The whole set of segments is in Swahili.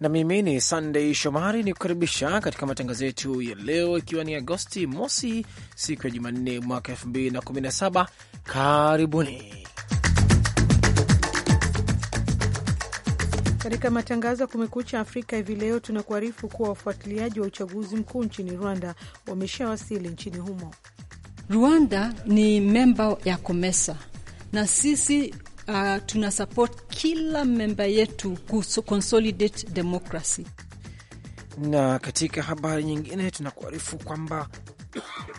na mimi ni sandey Shomari ni kukaribisha katika matangazo yetu ya leo, ikiwa ni Agosti mosi, siku ya Jumanne mwaka saba. Karibuni katika matangazo ya Kumekucha Afrika. Hivi leo tunakuarifu kuwa wafuatiliaji wa uchaguzi mkuu nchini Rwanda wameshawasili nchini humo. Rwanda ni memba ya Komesa na sisi uh, tuna support kila memba yetu consolidate democracy. Na katika habari nyingine tunakuarifu kwamba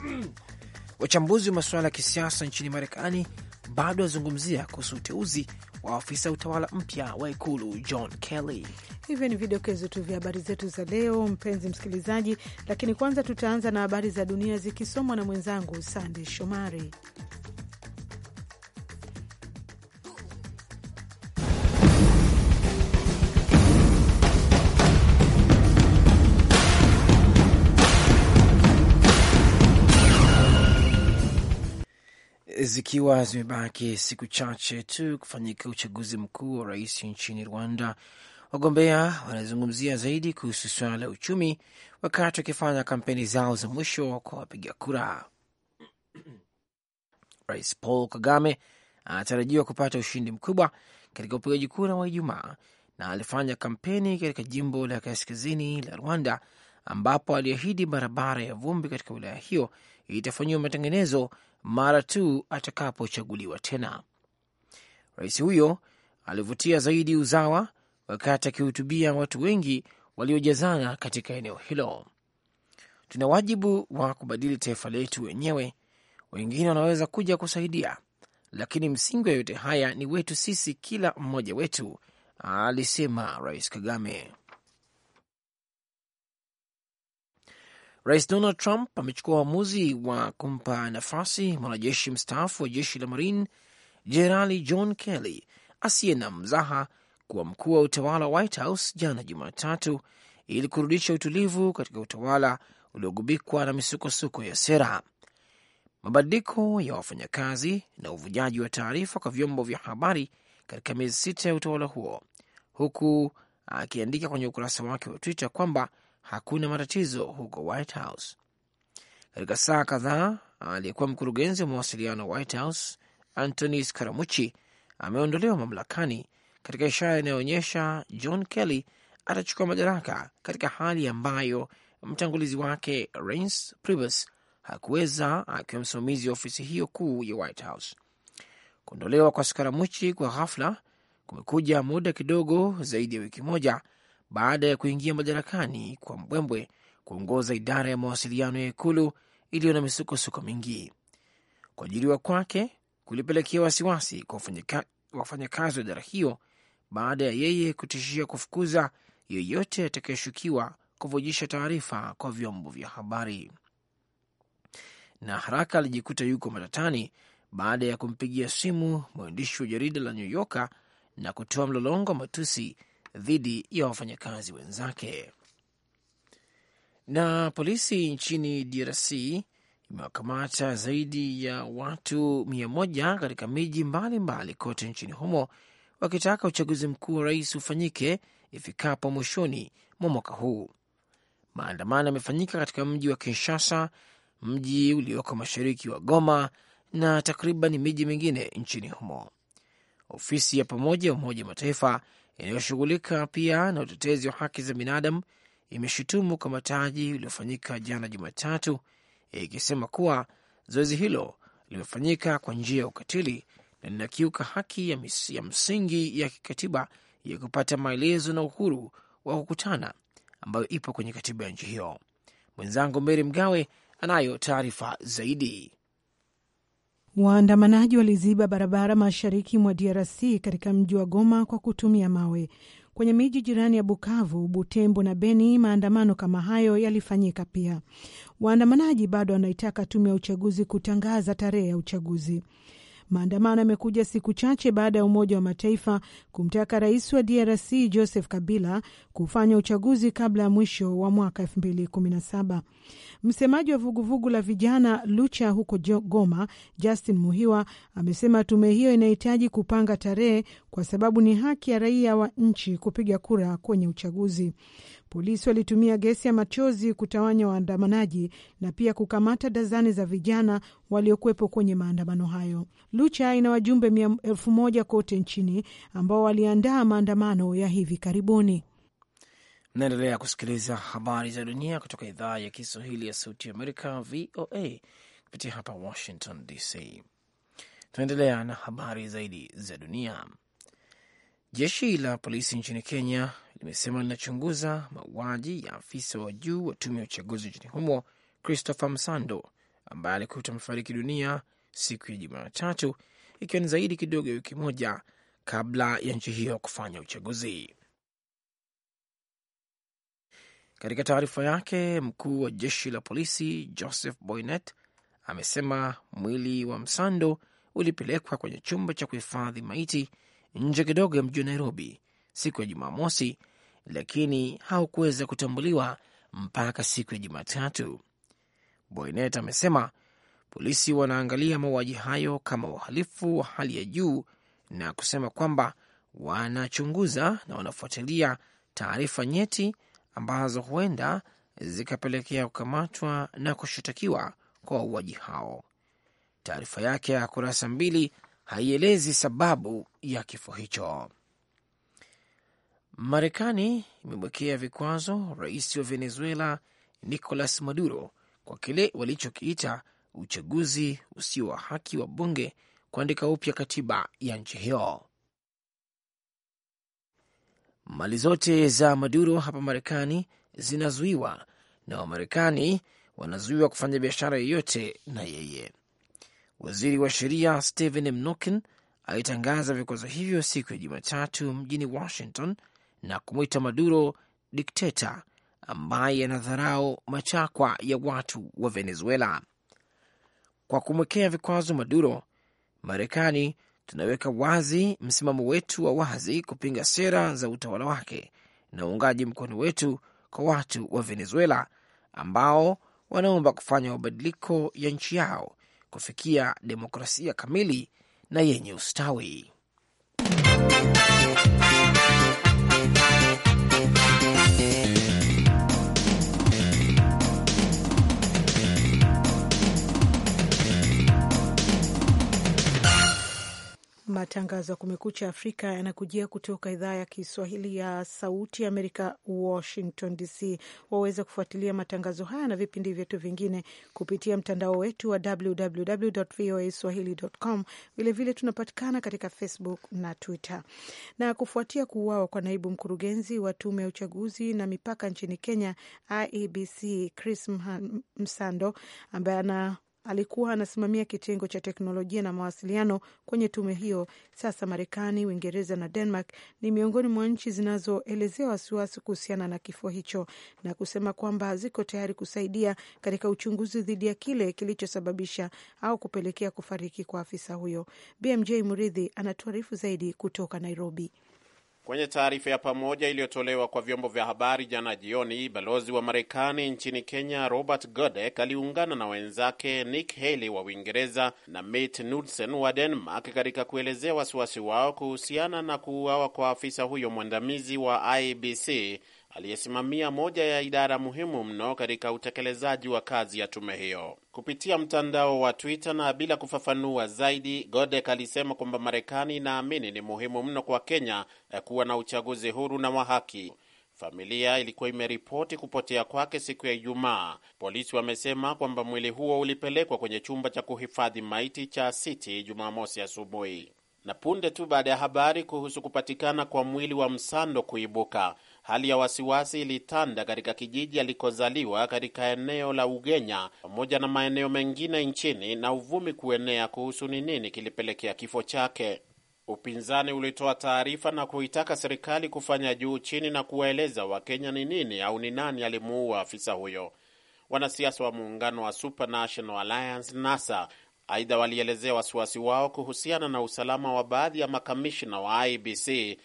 wachambuzi wa masuala ya kisiasa nchini Marekani bado wazungumzia kuhusu uteuzi wa afisa utawala mpya wa ikulu John Kelly. Hivyo ni vidokezo tu vya habari zetu za leo, mpenzi msikilizaji, lakini kwanza tutaanza na habari za dunia zikisomwa na mwenzangu sandey Shomari. zikiwa zimebaki siku chache tu kufanyika uchaguzi mkuu wa rais nchini Rwanda, wagombea wanazungumzia zaidi kuhusu suala la uchumi wakati wakifanya kampeni zao za mwisho kwa wapiga kura. Rais Paul Kagame anatarajiwa kupata ushindi mkubwa katika upigaji kura wa Ijumaa na alifanya kampeni katika jimbo la kaskazini la Rwanda ambapo aliahidi barabara ya vumbi katika wilaya hiyo itafanyiwa matengenezo mara tu atakapochaguliwa tena. Rais huyo alivutia zaidi uzawa wakati akihutubia watu wengi waliojazana katika eneo hilo. Tuna wajibu wa kubadili taifa letu wenyewe, wengine wanaweza kuja kusaidia, lakini msingi wa yote haya ni wetu sisi, kila mmoja wetu, alisema Rais Kagame. Rais Donald Trump amechukua uamuzi wa kumpa nafasi mwanajeshi mstaafu wa jeshi la Marine Jenerali John Kelly asiye na mzaha kuwa mkuu wa utawala wa White House jana Jumatatu, ili kurudisha utulivu katika utawala uliogubikwa na misukosuko ya sera. Mabadiliko ya wafanyakazi na uvujaji wa taarifa kwa vyombo vya habari katika miezi sita ya utawala huo, huku akiandika kwenye ukurasa wake wa Twitter kwamba hakuna matatizo huko White House. Katika saa kadhaa, aliyekuwa mkurugenzi wa mawasiliano wa White House Anthony Scaramucci ameondolewa mamlakani katika ishara inayoonyesha John Kelly atachukua madaraka katika hali ambayo mtangulizi wake Reince Priebus hakuweza, akiwa msimamizi wa ofisi hiyo kuu ya White House. Kuondolewa kwa Skaramuchi kwa ghafla kumekuja muda kidogo zaidi ya wiki moja baada ya kuingia madarakani kwa mbwembwe kuongoza idara ya mawasiliano ya ikulu iliyo na misukosuko mingi. Kuajiriwa kwake kulipelekea wasiwasi kwa wafanyakazi wa idara hiyo baada ya yeye kutishia kufukuza yeyote atakayeshukiwa kuvujisha taarifa kwa vyombo vya habari. Na haraka alijikuta yuko matatani baada ya kumpigia simu mwandishi wa jarida la New Yorker na kutoa mlolongo wa matusi dhidi ya wafanyakazi wenzake. Na polisi nchini DRC imewakamata zaidi ya watu mia moja katika miji mbalimbali kote nchini humo wakitaka uchaguzi mkuu wa rais ufanyike ifikapo mwishoni mwa mwaka huu. Maandamano yamefanyika katika mji wa Kinshasa, mji ulioko mashariki wa Goma na takriban miji mingine nchini humo. Ofisi ya pamoja ya Umoja wa Mataifa inayoshughulika pia na utetezi wa haki za binadamu imeshutumu ukamataji uliofanyika jana Jumatatu, ikisema kuwa zoezi hilo limefanyika kwa njia ya ukatili na linakiuka haki ya, misi, ya msingi ya kikatiba ya kupata maelezo na uhuru wa kukutana ambayo ipo kwenye katiba ya nchi hiyo. Mwenzangu mery Mgawe anayo taarifa zaidi. Waandamanaji waliziba barabara mashariki mwa DRC katika mji wa Goma kwa kutumia mawe. Kwenye miji jirani ya Bukavu, Butembo na Beni, maandamano kama hayo yalifanyika pia. Waandamanaji bado wanaitaka tume ya uchaguzi kutangaza tarehe ya uchaguzi. Maandamano yamekuja siku chache baada ya Umoja wa Mataifa kumtaka rais wa DRC Joseph Kabila kufanya uchaguzi kabla ya mwisho wa mwaka 2017. Msemaji wa vuguvugu la vijana Lucha huko Goma, Justin Muhiwa, amesema tume hiyo inahitaji kupanga tarehe kwa sababu ni haki ya raia wa nchi kupiga kura kwenye uchaguzi. Polisi walitumia gesi ya machozi kutawanya waandamanaji na pia kukamata dazani za vijana waliokuwepo kwenye maandamano hayo. Lucha ina wajumbe elfu moja kote nchini ambao waliandaa maandamano ya hivi karibuni. Naendelea kusikiliza habari za dunia kutoka idhaa ya Kiswahili ya Sauti ya Amerika, VOA, kupitia hapa Washington DC. Tunaendelea na habari zaidi za dunia. Jeshi la polisi nchini Kenya limesema linachunguza mauaji ya afisa wa juu wa tume ya uchaguzi nchini humo Christopher Msando ambaye alikuta amefariki dunia siku ya Jumatatu, ikiwa ni zaidi kidogo ya wiki moja kabla ya nchi hiyo kufanya uchaguzi. Katika taarifa yake, mkuu wa jeshi la polisi Joseph Boynet amesema mwili wa Msando ulipelekwa kwenye chumba cha kuhifadhi maiti nje kidogo ya mji wa Nairobi siku ya Jumamosi, lakini haukuweza kutambuliwa mpaka siku ya Jumatatu. Boynet amesema polisi wanaangalia mauaji hayo kama uhalifu wa hali ya juu na kusema kwamba wanachunguza na wanafuatilia taarifa nyeti ambazo huenda zikapelekea kukamatwa na kushitakiwa kwa wauaji hao. Taarifa yake ya kurasa mbili haielezi sababu ya kifo hicho. Marekani imemwekea vikwazo rais wa Venezuela Nicolas Maduro kwa kile walichokiita uchaguzi usio wa haki wa bunge kuandika upya katiba ya nchi hiyo. Mali zote za Maduro hapa Marekani zinazuiwa na Wamarekani wanazuiwa kufanya biashara yoyote na yeye. Waziri wa sheria Stephen Mnuchin alitangaza vikwazo hivyo siku ya Jumatatu mjini Washington na kumwita Maduro dikteta ambaye anadharau machakwa ya watu wa Venezuela. Kwa kumwekea vikwazo Maduro, Marekani tunaweka wazi msimamo wetu wa wazi kupinga sera za utawala wake na uungaji mkono wetu kwa watu wa Venezuela ambao wanaomba kufanya mabadiliko ya nchi yao kufikia demokrasia kamili na yenye ustawi. Matangazo ya Kumekucha Afrika yanakujia kutoka idhaa ya Kiswahili ya Sauti Amerika, Washington DC. Waweza kufuatilia matangazo haya na vipindi vyetu vingine kupitia mtandao wetu wa www voa swahilicom. Vilevile tunapatikana katika Facebook na Twitter. Na kufuatia kuuawa kwa naibu mkurugenzi wa tume ya uchaguzi na mipaka nchini Kenya, IEBC, Chris Msando ambaye ana alikuwa anasimamia kitengo cha teknolojia na mawasiliano kwenye tume hiyo. Sasa Marekani, Uingereza na Denmark ni miongoni mwa nchi zinazoelezea wasiwasi kuhusiana na kifo hicho na kusema kwamba ziko tayari kusaidia katika uchunguzi dhidi ya kile kilichosababisha au kupelekea kufariki kwa afisa huyo. BMJ Muridhi anatuarifu zaidi kutoka Nairobi. Kwenye taarifa ya pamoja iliyotolewa kwa vyombo vya habari jana jioni, balozi wa Marekani nchini Kenya Robert Godek aliungana na wenzake Nick Haley wa Uingereza na mit Knudsen wa Denmark katika kuelezea wasiwasi wao kuhusiana na kuuawa kwa afisa huyo mwandamizi wa IBC aliyesimamia moja ya idara muhimu mno katika utekelezaji wa kazi ya tume hiyo. Kupitia mtandao wa Twitter na bila kufafanua zaidi, Godek alisema kwamba Marekani inaamini ni muhimu mno kwa Kenya eh, kuwa na uchaguzi huru na wa haki. Familia ilikuwa imeripoti kupotea kwake siku ya Ijumaa. Polisi wamesema kwamba mwili huo ulipelekwa kwenye chumba cha kuhifadhi maiti cha City Jumamosi asubuhi, na punde tu baada ya habari kuhusu kupatikana kwa mwili wa Msando kuibuka Hali ya wasiwasi ilitanda katika kijiji alikozaliwa katika eneo la Ugenya pamoja na maeneo mengine nchini na uvumi kuenea kuhusu ni nini kilipelekea kifo chake. Upinzani ulitoa taarifa na kuitaka serikali kufanya juu chini na kuwaeleza Wakenya ni nini au ni nani alimuua afisa huyo. Wanasiasa wa muungano wa supernational Alliance NASA aidha walielezea wasiwasi wao kuhusiana na usalama wa baadhi ya makamishina wa IBC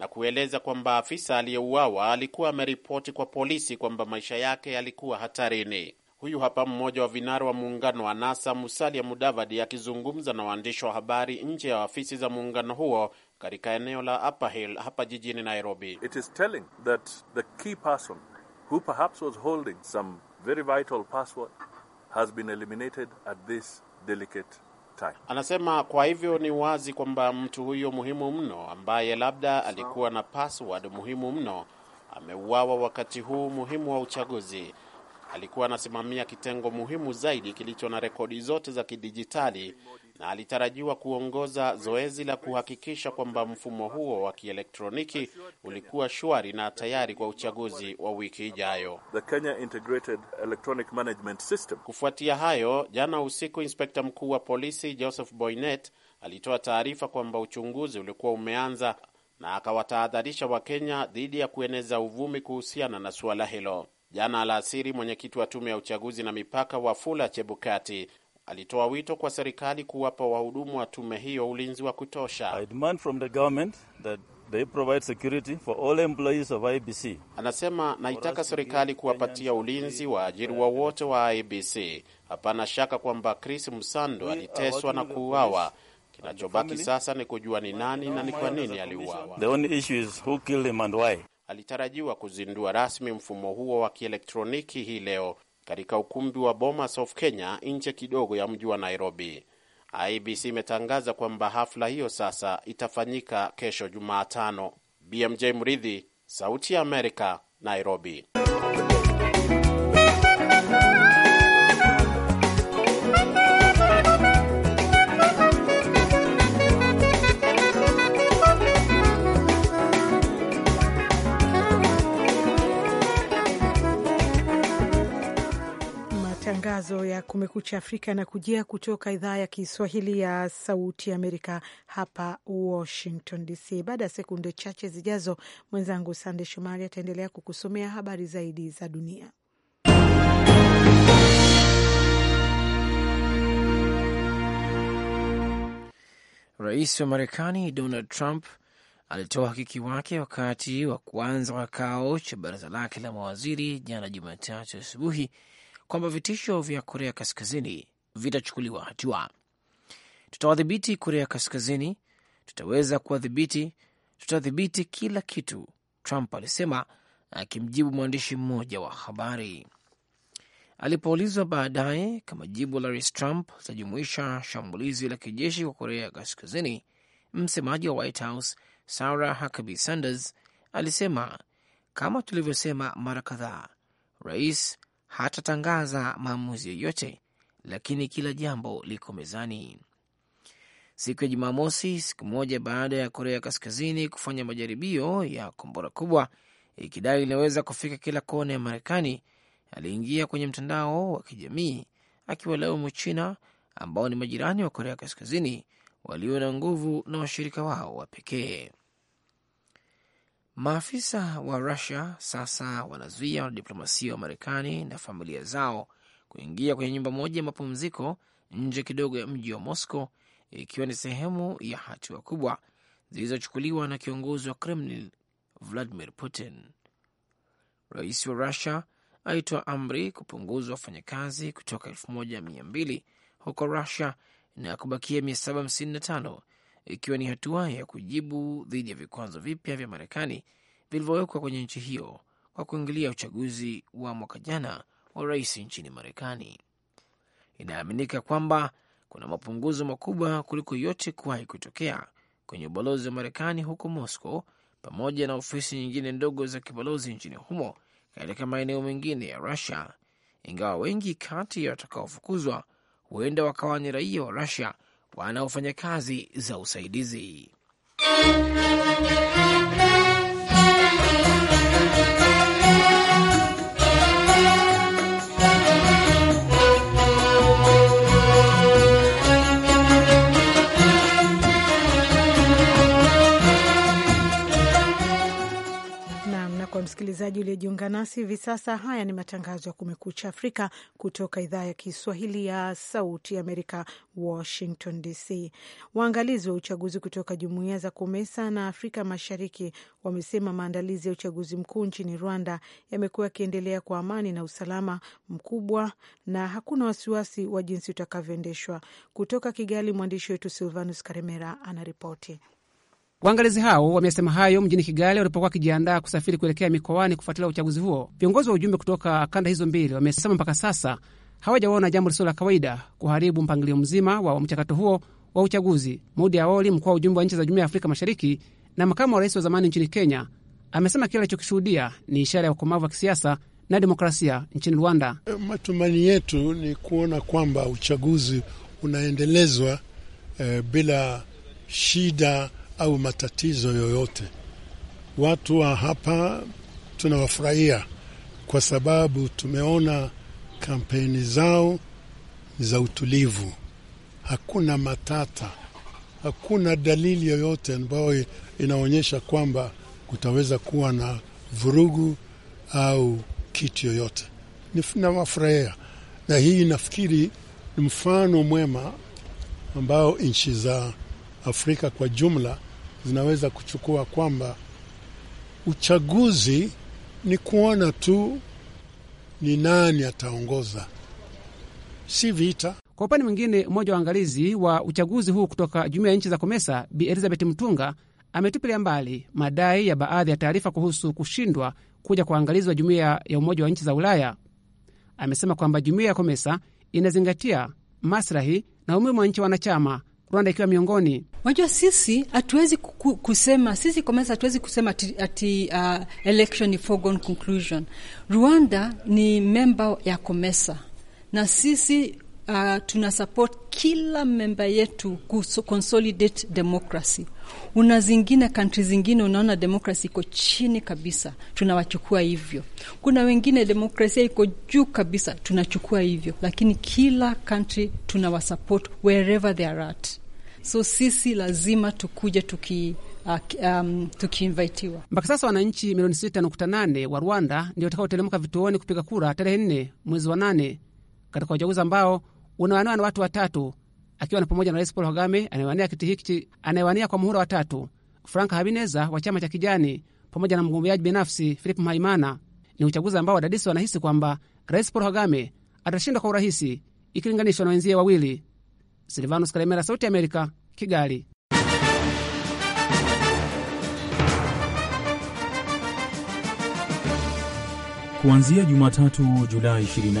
na kueleza kwamba afisa aliyeuawa alikuwa ameripoti kwa polisi kwamba maisha yake yalikuwa hatarini. Huyu hapa mmoja wa vinara wa muungano wa NASA Musalia Mudavadi akizungumza na waandishi wa habari nje ya ofisi za muungano huo katika eneo la Upper Hill hapa jijini Nairobi. It is telling that the key person who perhaps was holding some very vital password has been eliminated at this delicate Daktari anasema kwa hivyo ni wazi kwamba mtu huyo muhimu mno ambaye labda alikuwa na password muhimu mno ameuawa wakati huu muhimu wa uchaguzi. Alikuwa anasimamia kitengo muhimu zaidi kilicho na rekodi zote za kidijitali na alitarajiwa kuongoza zoezi la kuhakikisha kwamba mfumo huo wa kielektroniki ulikuwa shwari na tayari kwa uchaguzi wa wiki ijayo. Kufuatia hayo, jana usiku, inspekta mkuu wa polisi Joseph Boynet alitoa taarifa kwamba uchunguzi ulikuwa umeanza na akawatahadharisha Wakenya dhidi ya kueneza uvumi kuhusiana na suala hilo. Jana alasiri, mwenyekiti wa tume ya uchaguzi na mipaka Wafula Chebukati alitoa wito kwa serikali kuwapa wahudumu wa tume hiyo ulinzi wa kutosha. I demand from the government that they provide security for all employees of IBC. Anasema naitaka serikali kuwapatia ulinzi wa ajiri wote wa IBC. Hapana shaka kwamba Chris Msando aliteswa na kuuawa. Kinachobaki sasa ni kujua ni nani na ni kwa nini aliuawa. The only issue is who killed him and why. Alitarajiwa kuzindua rasmi mfumo huo wa kielektroniki hii leo katika ukumbi wa Bomas of Kenya nje kidogo ya mji wa Nairobi. IBC imetangaza kwamba hafla hiyo sasa itafanyika kesho Jumatano. BMJ Mridhi, Sauti ya Amerika, Nairobi. matangazo ya Kumekucha Afrika yanakujia kutoka idhaa ya Kiswahili ya Sauti Amerika hapa Washington DC. Baada ya sekunde chache zijazo, mwenzangu Sande Shomari ataendelea kukusomea habari zaidi za dunia. Rais wa Marekani Donald Trump alitoa uhakiki wake wakati wa kuanza wakao kikao cha baraza lake la mawaziri jana Jumatatu asubuhi kwamba vitisho vya Korea Kaskazini vitachukuliwa hatua. Tutawadhibiti Korea Kaskazini, tutaweza kuwadhibiti, tutadhibiti kila kitu, Trump alisema akimjibu mwandishi mmoja wa habari. Alipoulizwa baadaye kama jibu la Rais Trump litajumuisha shambulizi la kijeshi kwa Korea Kaskazini, msemaji wa White House Sarah Huckabee Sanders alisema, kama tulivyosema mara kadhaa, rais hatatangaza maamuzi yoyote, lakini kila jambo liko mezani. Siku ya Jumamosi, siku moja baada ya Korea Kaskazini kufanya majaribio ya kombora kubwa ikidai linaweza kufika kila kona ya Marekani, aliingia kwenye mtandao wa kijamii akiwalaumu China ambao ni majirani wa Korea Kaskazini walio na nguvu na washirika wao wa pekee. Maafisa wa Rusia sasa wanazuia wanadiplomasia wa Marekani na familia zao kuingia kwenye nyumba moja ya mapumziko nje kidogo ya mji wa Moscow, ikiwa ni sehemu ya hatua kubwa zilizochukuliwa na kiongozi wa Kremlin Vladimir Putin. Rais wa Rusia aitwa amri kupunguzwa wafanyakazi kutoka mbili huko Rusia na kubakia tano ikiwa ni hatua ya kujibu dhidi ya vikwazo vipya vya Marekani vilivyowekwa kwenye nchi hiyo kwa kuingilia uchaguzi wa mwaka jana wa rais nchini Marekani. Inaaminika kwamba kuna mapunguzo makubwa kuliko yote kuwahi kutokea kwenye ubalozi wa Marekani huko Moscow pamoja na ofisi nyingine ndogo za kibalozi nchini humo katika maeneo mengine ya Rusia, ingawa wengi kati ya watakaofukuzwa huenda wakawa ni raia wa Rusia wanaofanya kazi za usaidizi kwa msikilizaji uliyejiunga nasi hivi sasa. Haya ni matangazo ya Kumekucha Afrika kutoka idhaa ya Kiswahili ya Sauti Amerika, Washington DC. Waangalizi wa uchaguzi kutoka jumuiya za Komesa na Afrika Mashariki wamesema maandalizi ya uchaguzi mkuu nchini Rwanda yamekuwa yakiendelea kwa amani na usalama mkubwa, na hakuna wasiwasi wa jinsi utakavyoendeshwa. Kutoka Kigali, mwandishi wetu Silvanus Karemera anaripoti. Waangalizi hao wamesema hayo mjini Kigali walipokuwa wakijiandaa kusafiri kuelekea mikoani kufuatilia uchaguzi huo. Viongozi wa ujumbe kutoka kanda hizo mbili wamesema mpaka sasa hawajaona jambo lisilo la kawaida kuharibu mpangilio mzima wa mchakato huo wa uchaguzi. Mudi Aoli, mkuu wa ujumbe wa nchi za Jumuiya ya Afrika Mashariki na makamu wa rais wa zamani nchini Kenya, amesema kile alichokishuhudia ni ishara ya ukomavu wa kisiasa na demokrasia nchini Rwanda. Eh, matumaini yetu ni kuona kwamba uchaguzi unaendelezwa eh, bila shida au matatizo yoyote. Watu wa hapa tunawafurahia kwa sababu tumeona kampeni zao za utulivu, hakuna matata, hakuna dalili yoyote ambayo inaonyesha kwamba kutaweza kuwa na vurugu au kitu yoyote. Nawafurahia, na hii nafikiri ni mfano mwema ambao nchi za Afrika kwa jumla zinaweza kuchukua kwamba uchaguzi ni kuona tu ni nani ataongoza, si vita. Kwa upande mwingine, mmoja wa waangalizi wa uchaguzi huu kutoka jumuiya ya nchi za Komesa, Bi Elizabeth Mtunga ametupilia mbali madai ya baadhi ya taarifa kuhusu kushindwa kuja kwa waangalizi wa jumuiya ya Umoja wa Nchi za Ulaya. Amesema kwamba jumuiya ya Komesa inazingatia maslahi na umuhimu wa nchi wanachama Rwanda ikiwa miongoni. Unajua, sisi hatuwezi kusema sisi kwa hatuwezi kusema ati, ati uh, election ni foregone conclusion. Rwanda ni memba ya komesa na sisi uh, tuna support kila memba yetu kuconsolidate democracy. Una zingine kantri zingine unaona demokrasi iko chini kabisa, tunawachukua hivyo. Kuna wengine demokrasia iko juu kabisa, tunachukua hivyo, lakini kila kantri tunawasupport wherever they are at. So sisi lazima tukuje tuki ah, Um, Mpaka sasa wananchi milioni 6.8 wa Rwanda ndio watakaoteremka vituoni kupiga kura tarehe 4 mwezi wa 8 katika uchaguzi ambao unawania na watu watatu akiwa na pamoja na Rais Paul Kagame anayewania kiti hiki anayewania kwa muhula watatu, Frank Habineza wa chama cha Kijani pamoja na mgombeaji binafsi Philip Maimana. Ni uchaguzi ambao wadadisi wanahisi kwamba Rais Paul Kagame atashinda kwa urahisi ikilinganishwa na wenzie wawili. Silvanus Kalemera, Sauti ya Amerika, Kigali. Kuanzia Jumatatu Julai 24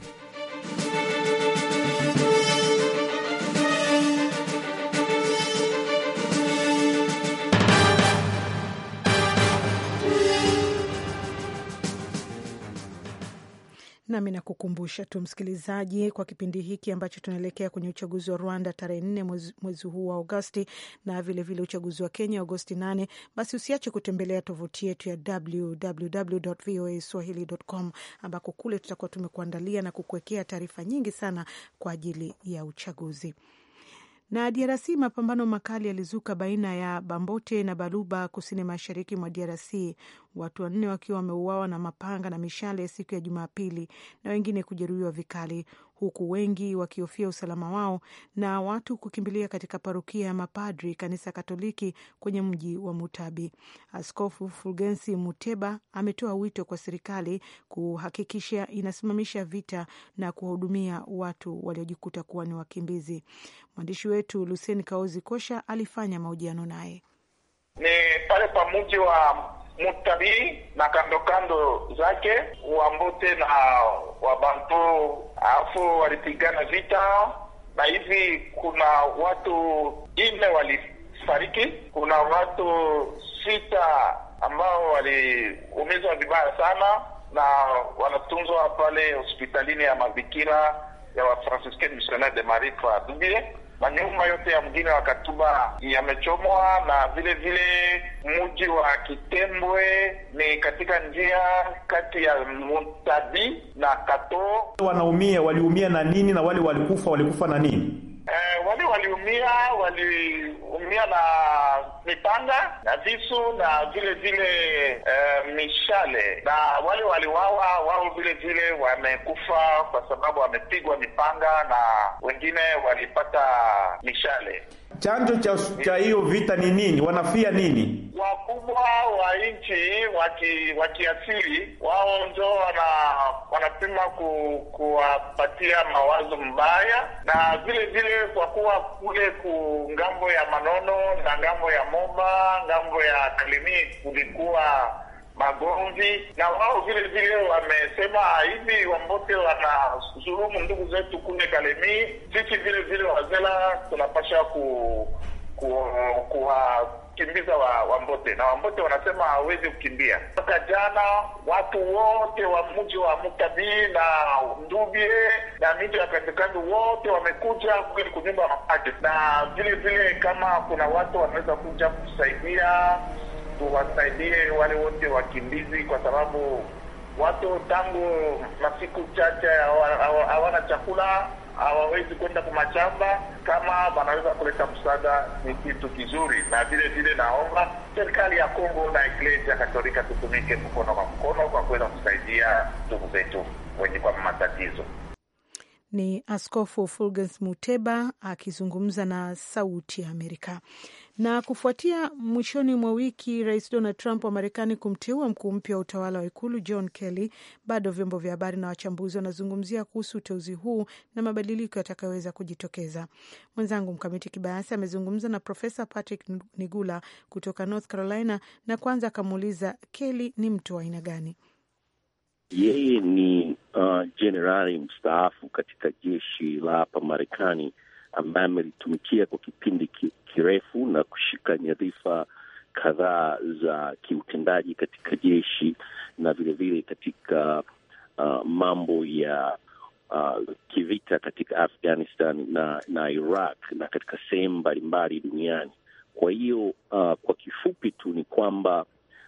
nami nakukumbusha tu msikilizaji, kwa kipindi hiki ambacho tunaelekea kwenye uchaguzi wa Rwanda tarehe nne mwezi huu wa Agosti na vilevile uchaguzi wa Kenya Agosti nane, basi usiache kutembelea tovuti yetu ya www voa swahilicom ambako kule tutakuwa tumekuandalia na kukuwekea taarifa nyingi sana kwa ajili ya uchaguzi na DRC, mapambano makali yalizuka baina ya Bambote na Baluba kusini mashariki mwa DRC watu wanne wakiwa wameuawa na mapanga na mishale siku ya Jumapili na wengine kujeruhiwa vikali, huku wengi wakihofia usalama wao na watu kukimbilia katika parokia ya mapadri kanisa Katoliki kwenye mji wa Mutabi. Askofu Fulgensi Muteba ametoa wito kwa serikali kuhakikisha inasimamisha vita na kuwahudumia watu waliojikuta kuwa ni wakimbizi. Mwandishi wetu lusen Kaozi Kosha alifanya mahojiano naye. Ni pale pa mji wa Mutabii na kando kando zake Wambote na Wabantu afu walipigana vita, na hivi kuna watu ine walifariki, kuna watu sita ambao waliumizwa vibaya sana na wanatunzwa pale hospitalini ya mabikira ya wafranciscan missionnaire de Marie Kwa Dubie manyumba yote ya mjini wa Katuba yamechomwa, na vile vile mji wa Kitembwe ni katika njia kati ya Mutabi na Kato. Wanaumia, waliumia na nini? Na wale walikufa, walikufa na nini? Eh, wale waliumia waliumia na mipanga na visu na vile vile eh, mishale, na wale waliwawa wao vile vile wamekufa kwa sababu wamepigwa mipanga na wengine walipata mishale. Chanzo cha hiyo vita ni nini? Wanafia nini? Wa wakubwa wa nchi wa kiasili wao ndio wanapima ku, kuwapatia mawazo mbaya, na vile vile kwa kuwa kule ku ngambo ya Manono na ngambo ya Moba, ngambo ya Kalimi kulikuwa magomvi na wao vile vile wamesema ah, hivi, wambote wana zulumu ndugu zetu kule Kalemi. Sisi vile vile wazela tunapasha ku, ku, ku, ku kukimbiza wa Wambote na Wambote wanasema hawezi kukimbia. Mpaka jana watu wote wa mji wa Mutabii na Ndubie na miji ya katikati wote wamekuja kunyumba makazi, na vile vile kama kuna watu wanaweza kuja kutusaidia, tuwasaidie wale wote wakimbizi, kwa sababu watu tangu masiku chache hawana chakula hawawezi kwenda kwa kama wanaweza kuleta msaada, ni kitu kizuri. Na vile vile naomba serikali ya Kongo na Iglesia Katolika tutumike mkono kwa mkono kwa kuweza kusaidia ndugu zetu wenye kwa matatizo. Ni Askofu Fulgens Muteba akizungumza na Sauti ya Amerika. Na kufuatia mwishoni mwa wiki Rais Donald Trump wa Marekani kumteua mkuu mpya wa utawala wa Ikulu John Kelly, bado vyombo vya habari na wachambuzi wanazungumzia kuhusu uteuzi huu na mabadiliko yatakayoweza kujitokeza. Mwenzangu Mkamiti Kibayasi amezungumza na Profesa Patrick Nigula kutoka North Carolina na kwanza akamuuliza Kelly ni mtu wa aina gani? Yeye ni uh, jenerali mstaafu katika jeshi la hapa Marekani ambaye amelitumikia kwa kipindi kirefu na kushika nyadhifa kadhaa za kiutendaji katika jeshi na vilevile vile katika uh, mambo ya uh, kivita katika Afghanistan na, na Iraq na katika sehemu mbalimbali duniani. Kwa hiyo uh, kwa kifupi tu ni kwamba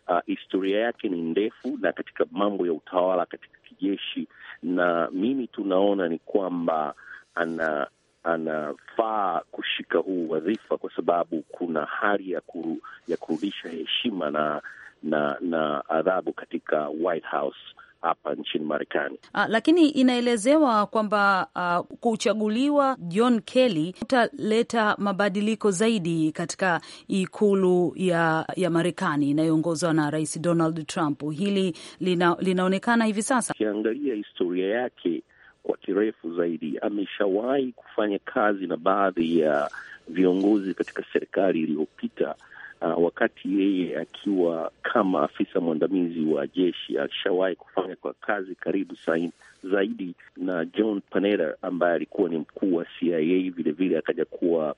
Uh, historia yake ni ndefu na katika mambo ya utawala katika kijeshi, na mimi tunaona ni kwamba ana anafaa kushika huu wadhifa kwa sababu kuna hali ya, kuru, ya kurudisha heshima na na na adhabu katika White House hapa nchini Marekani. Ah, lakini inaelezewa kwamba ah, kuchaguliwa John Kelly kutaleta mabadiliko zaidi katika ikulu ya, ya Marekani inayoongozwa na Rais Donald Trump. Hili lina, linaonekana hivi sasa, ukiangalia historia yake kwa kirefu zaidi, ameshawahi kufanya kazi na baadhi ya viongozi katika serikali iliyopita uh, wakati yeye akiwa kama afisa mwandamizi wa jeshi alishawahi kufanya kwa kazi karibu sain, zaidi na John Panetta ambaye alikuwa ni mkuu wa CIA vilevile akaja kuwa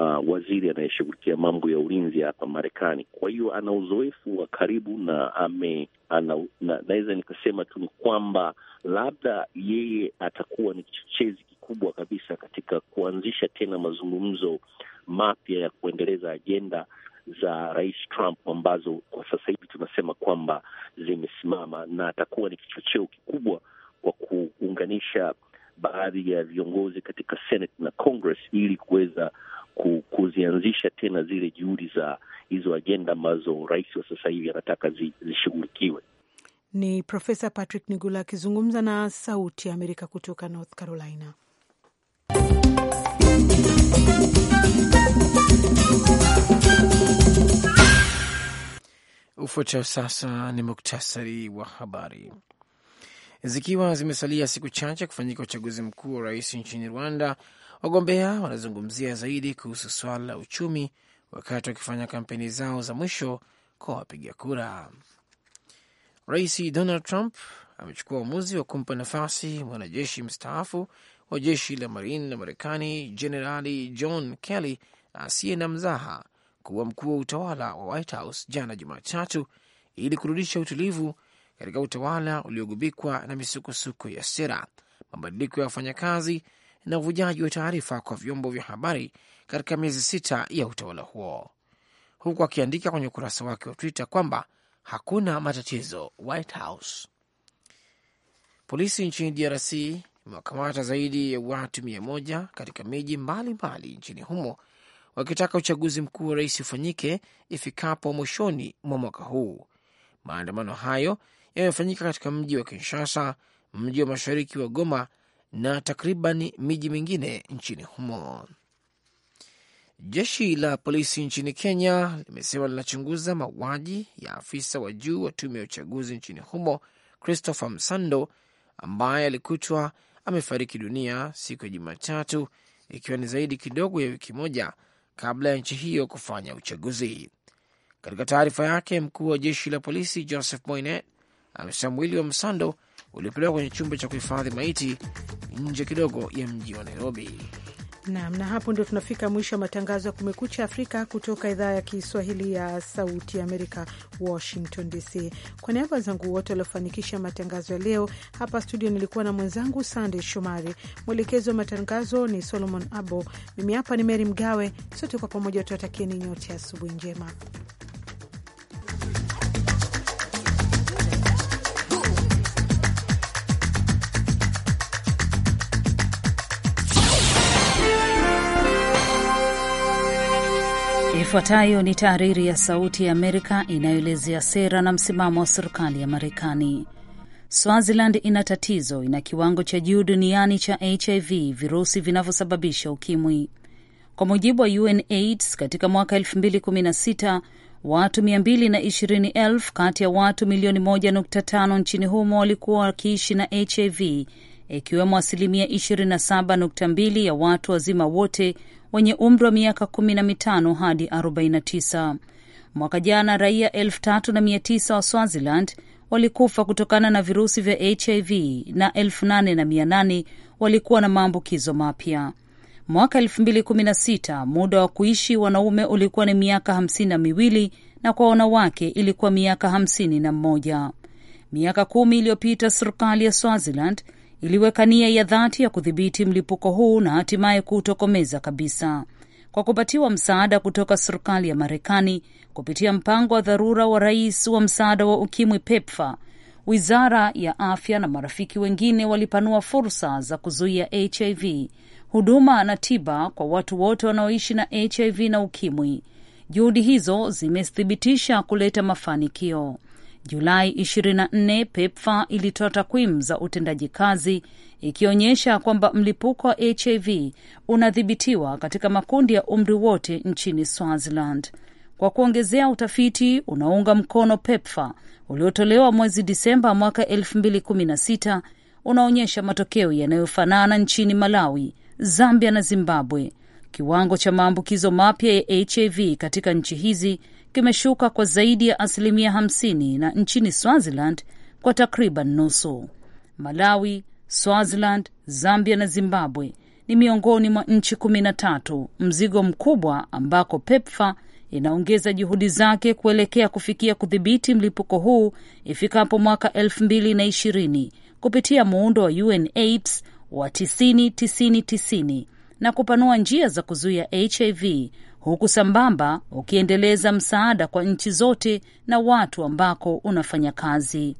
Uh, waziri anayeshughulikia mambo ya ulinzi hapa Marekani. Kwa hiyo ana uzoefu wa karibu na ame, ana, na, naweza nikasema tu ni kwamba labda yeye atakuwa ni kichochezi kikubwa kabisa katika kuanzisha tena mazungumzo mapya ya kuendeleza ajenda za Rais Trump ambazo kwa sasa hivi tunasema kwamba zimesimama, na atakuwa ni kichocheo kikubwa kwa kuunganisha baadhi ya viongozi katika Senate na Congress ili kuweza kuzianzisha tena zile juhudi za hizo ajenda ambazo rais wa sasa hivi anataka zishughulikiwe. Ni Profesa Patrick Nigula akizungumza na Sauti ya Amerika kutoka North Carolina. Ufuatao sasa ni muktasari wa habari. Zikiwa zimesalia siku chache kufanyika uchaguzi mkuu wa rais nchini Rwanda, wagombea wanazungumzia zaidi kuhusu swala la uchumi wakati wakifanya kampeni zao za mwisho kwa wapiga kura. Rais Donald Trump amechukua uamuzi wa kumpa nafasi mwanajeshi mstaafu wa jeshi la Marine la Marekani Jenerali John Kelly asiye na mzaha kuwa mkuu wa utawala wa White House jana Jumatatu ili kurudisha utulivu katika utawala uliogubikwa na misukosuko ya sera, mabadiliko ya wafanyakazi na uvujaji wa taarifa kwa vyombo vya habari katika miezi sita ya utawala huo, huku akiandika kwenye ukurasa wake wa Twitter kwamba hakuna matatizo White House. Polisi nchini DRC imewakamata zaidi ya watu mia moja katika miji mbalimbali nchini humo wakitaka uchaguzi mkuu wa rais ufanyike ifikapo mwishoni mwa mwaka huu. Maandamano hayo yamefanyika katika mji wa Kinshasa, mji wa mashariki wa Goma na takriban miji mingine nchini humo. Jeshi la polisi nchini Kenya limesema linachunguza mauaji ya afisa wa juu wa tume ya uchaguzi nchini humo Christopher Msando ambaye alikutwa amefariki dunia siku ya Jumatatu, ikiwa ni zaidi kidogo ya wiki moja kabla ya nchi hiyo kufanya uchaguzi. Katika taarifa yake, mkuu wa jeshi la polisi Joseph Boynet amesema mwili wa Msando uliopelekwa kwenye chumba cha kuhifadhi maiti nje kidogo ya mji wa Nairobi. Naam, na hapo ndio tunafika mwisho wa matangazo ya Kumekucha Afrika kutoka idhaa ya Kiswahili ya Sauti ya Amerika, Washington DC. Kwa niaba wenzangu wote waliofanikisha matangazo ya leo hapa studio, nilikuwa na mwenzangu Sandey Shomari, mwelekezi wa matangazo ni Solomon Abo, mimi hapa ni mery Mgawe. Sote kwa pamoja tutawatakieni nyote asubuhi njema. Ifuatayo ni tahariri ya Sauti ya Amerika inayoelezea sera na msimamo wa serikali ya Marekani. Swaziland ina tatizo, ina kiwango cha juu duniani cha HIV, virusi vinavyosababisha ukimwi. Kwa mujibu wa UNAIDS, katika mwaka 2016 watu 220,000 kati ya watu milioni 1.5 nchini humo walikuwa wakiishi na HIV, ikiwemo asilimia 27.2 ya watu wazima wote wenye umri wa miaka kumi na mitano hadi 49. tisa. Mwaka jana raia elfu tatu na mia tisa wa Swaziland walikufa kutokana na virusi vya HIV na elfu nane na mia nane walikuwa na maambukizo mapya. Mwaka elfu mbili kumi na sita muda wa kuishi wanaume ulikuwa ni miaka hamsini na miwili na kwa wanawake ilikuwa miaka hamsini na mmoja. Miaka kumi iliyopita serikali ya Swaziland iliweka nia ya dhati ya kudhibiti mlipuko huu na hatimaye kuutokomeza kabisa kwa kupatiwa msaada kutoka serikali ya Marekani kupitia mpango wa dharura wa rais wa msaada wa ukimwi pepfa Wizara ya afya na marafiki wengine walipanua fursa za kuzuia HIV, huduma na tiba kwa watu wote wanaoishi na HIV na ukimwi. Juhudi hizo zimethibitisha kuleta mafanikio. Julai 24 PEPFA ilitoa takwimu za utendaji kazi ikionyesha kwamba mlipuko wa HIV unadhibitiwa katika makundi ya umri wote nchini Swaziland. Kwa kuongezea utafiti unaunga mkono PEPFA uliotolewa mwezi Disemba mwaka 2016 unaonyesha matokeo yanayofanana nchini Malawi, Zambia na Zimbabwe Kiwango cha maambukizo mapya ya HIV katika nchi hizi kimeshuka kwa zaidi ya asilimia 50 na nchini Swaziland kwa takriban nusu. Malawi, Swaziland, Zambia na Zimbabwe ni miongoni mwa nchi kumi na tatu mzigo mkubwa ambako pepfa inaongeza juhudi zake kuelekea kufikia kudhibiti mlipuko huu ifikapo mwaka elfu mbili na ishirini kupitia muundo wa UNAIDS wa tisini tisini tisini na kupanua njia za kuzuia HIV huku sambamba ukiendeleza msaada kwa nchi zote na watu ambako unafanya kazi.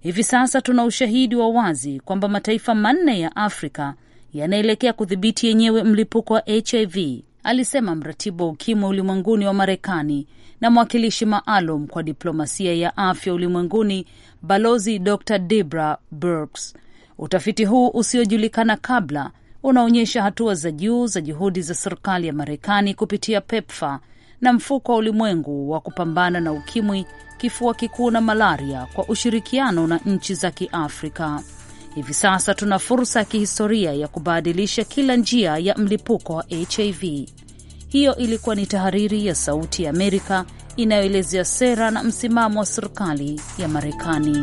Hivi sasa tuna ushahidi wa wazi kwamba mataifa manne ya Afrika yanaelekea kudhibiti yenyewe mlipuko wa HIV, alisema mratibu wa ukimwi ulimwenguni wa Marekani na mwakilishi maalum kwa diplomasia ya afya ulimwenguni, Balozi Dr Debra Burks. Utafiti huu usiojulikana kabla unaonyesha hatua za juu za juhudi za serikali ya Marekani kupitia pepfa na mfuko wa ulimwengu wa kupambana na ukimwi, kifua kikuu na malaria kwa ushirikiano na nchi za Kiafrika. Hivi sasa tuna fursa ya kihistoria ya kubadilisha kila njia ya mlipuko wa HIV. Hiyo ilikuwa ni tahariri ya Sauti ya Amerika inayoelezea sera na msimamo wa serikali ya Marekani.